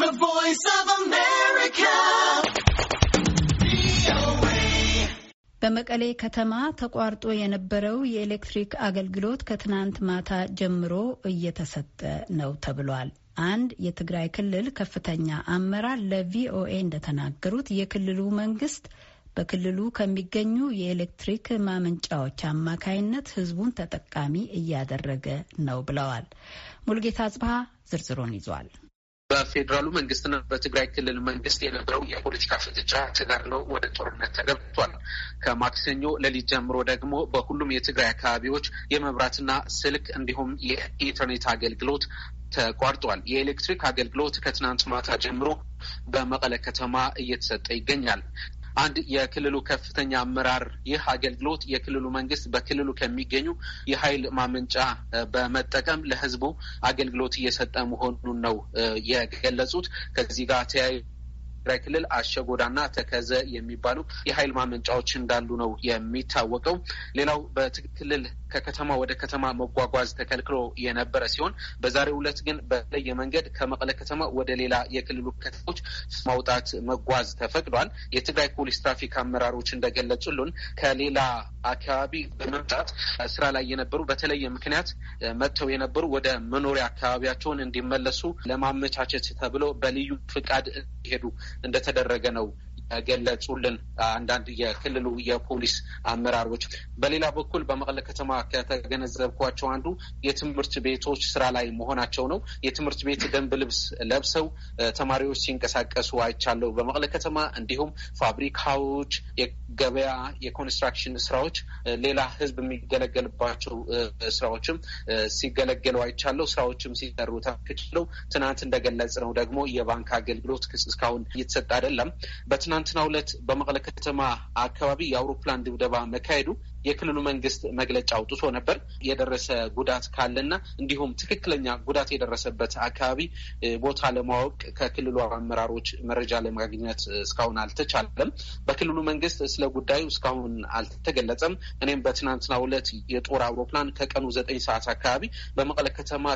The Voice of America. በመቀሌ ከተማ ተቋርጦ የነበረው የኤሌክትሪክ አገልግሎት ከትናንት ማታ ጀምሮ እየተሰጠ ነው ተብሏል። አንድ የትግራይ ክልል ከፍተኛ አመራር ለቪኦኤ እንደተናገሩት የክልሉ መንግስት በክልሉ ከሚገኙ የኤሌክትሪክ ማመንጫዎች አማካይነት ህዝቡን ተጠቃሚ እያደረገ ነው ብለዋል። ሙልጌታ ጽብሃ ዝርዝሩን ይዟል። በፌዴራሉ መንግስትና በትግራይ ክልል መንግስት የነበረው የፖለቲካ ፍጥጫ ተጋድሎ ወደ ጦርነት ተገብቷል። ከማክሰኞ ሌሊት ጀምሮ ደግሞ በሁሉም የትግራይ አካባቢዎች የመብራትና ስልክ እንዲሁም የኢንተርኔት አገልግሎት ተቋርጧል። የኤሌክትሪክ አገልግሎት ከትናንት ማታ ጀምሮ በመቀለ ከተማ እየተሰጠ ይገኛል። አንድ የክልሉ ከፍተኛ አመራር ይህ አገልግሎት የክልሉ መንግስት በክልሉ ከሚገኙ የኃይል ማመንጫ በመጠቀም ለህዝቡ አገልግሎት እየሰጠ መሆኑን ነው የገለጹት። ከዚህ ጋር ተያይ ትግራይ ክልል አሸጎዳና ተከዘ የሚባሉ የኃይል ማመንጫዎች እንዳሉ ነው የሚታወቀው። ሌላው በትግራይ ክልል ከከተማ ወደ ከተማ መጓጓዝ ተከልክሎ የነበረ ሲሆን በዛሬው ዕለት ግን በተለየ መንገድ ከመቀለ ከተማ ወደ ሌላ የክልሉ ከተሞች ማውጣት መጓዝ ተፈቅዷል። የትግራይ ፖሊስ ትራፊክ አመራሮች እንደገለጹልን ከሌላ አካባቢ በመምጣት ስራ ላይ የነበሩ በተለየ ምክንያት መጥተው የነበሩ ወደ መኖሪያ አካባቢያቸውን እንዲመለሱ ለማመቻቸት ተብሎ በልዩ ፍቃድ እንዲሄዱ እንደተደረገ ነው ገለጹልን አንዳንድ የክልሉ የፖሊስ አመራሮች። በሌላ በኩል በመቀለ ከተማ ከተገነዘብኳቸው አንዱ የትምህርት ቤቶች ስራ ላይ መሆናቸው ነው። የትምህርት ቤት ደንብ ልብስ ለብሰው ተማሪዎች ሲንቀሳቀሱ አይቻለሁ በመቀለ ከተማ። እንዲሁም ፋብሪካዎች፣ የገበያ የኮንስትራክሽን ስራዎች፣ ሌላ ህዝብ የሚገለገልባቸው ስራዎችም ሲገለገሉ አይቻለሁ። ስራዎችም ሲሰሩ ታክችለው። ትናንት እንደገለጽ ነው ደግሞ የባንክ አገልግሎት እስካሁን እየተሰጠ አይደለም። በትናንት በትናንትናው ዕለት በመቀለ ከተማ አካባቢ የአውሮፕላን ድብደባ መካሄዱ የክልሉ መንግስት መግለጫ አውጥቶ ነበር። የደረሰ ጉዳት ካለና እንዲሁም ትክክለኛ ጉዳት የደረሰበት አካባቢ ቦታ ለማወቅ ከክልሉ አመራሮች መረጃ ለማግኘት እስካሁን አልተቻለም። በክልሉ መንግስት ስለ ጉዳዩ እስካሁን አልተገለጸም። እኔም በትናንትናው ዕለት የጦር አውሮፕላን ከቀኑ ዘጠኝ ሰዓት አካባቢ በመቀለ ከተማ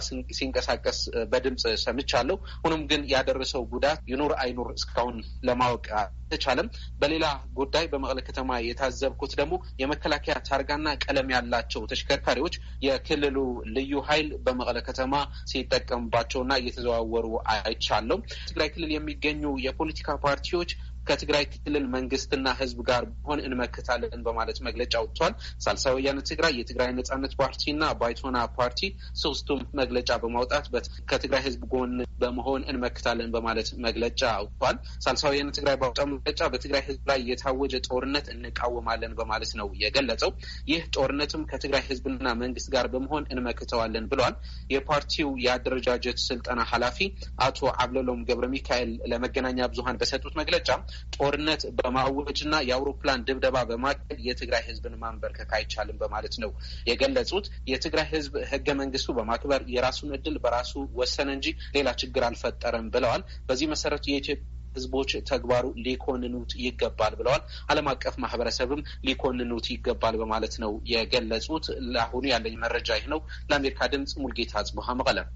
ሲንቀሳቀስ በድምፅ ሰምቻለሁ። ሆኖም ግን ያደረሰው ጉዳት ይኑር አይኑር እስካሁን ለማወቅ አልተቻለም። በሌላ ጉዳይ በመቀለ ከተማ የታዘብኩት ደግሞ የመከላከያ መለያ ታርጋና ቀለም ያላቸው ተሽከርካሪዎች የክልሉ ልዩ ኃይል በመቀለ ከተማ ሲጠቀምባቸውና እየተዘዋወሩ አይቻለው። ትግራይ ክልል የሚገኙ የፖለቲካ ፓርቲዎች ከትግራይ ክልል መንግስትና ህዝብ ጋር በሆን እንመክታለን በማለት መግለጫ ወጥቷል። ሳልሳይ ወያነ ትግራይ፣ የትግራይ ነጻነት ፓርቲና ባይቶና ፓርቲ ሶስቱም መግለጫ በማውጣት ከትግራይ ህዝብ ጎን በመሆን እንመክታለን በማለት መግለጫ አውጥቷል። ሳልሳይ ወያነ ትግራይ ባወጣው መግለጫ በትግራይ ህዝብ ላይ የታወጀ ጦርነት እንቃወማለን በማለት ነው የገለጸው። ይህ ጦርነትም ከትግራይ ህዝብና መንግስት ጋር በመሆን እንመክተዋለን ብሏል። የፓርቲው የአደረጃጀት ስልጠና ኃላፊ አቶ አብለሎም ገብረ ሚካኤል ለመገናኛ ብዙሀን በሰጡት መግለጫ ጦርነት በማወጅ የአውሮፕላን ድብደባ በማቀል የትግራይ ህዝብን ማንበርከክ አይቻልም በማለት ነው የገለጹት። የትግራይ ህዝብ ህገ መንግስቱ በማክበር የራሱን እድል በራሱ ወሰነ እንጂ ሌላ ችግር አልፈጠረም ብለዋል። በዚህ መሰረት የኢትዮጵያ ህዝቦች ተግባሩ ሊኮንኑት ይገባል ብለዋል። ዓለም አቀፍ ማህበረሰብም ሊኮንኑት ይገባል በማለት ነው የገለጹት። ለአሁኑ ያለኝ መረጃ ይህ ነው። ለአሜሪካ ድምፅ ሙልጌታ አጽቡሃ መቀለም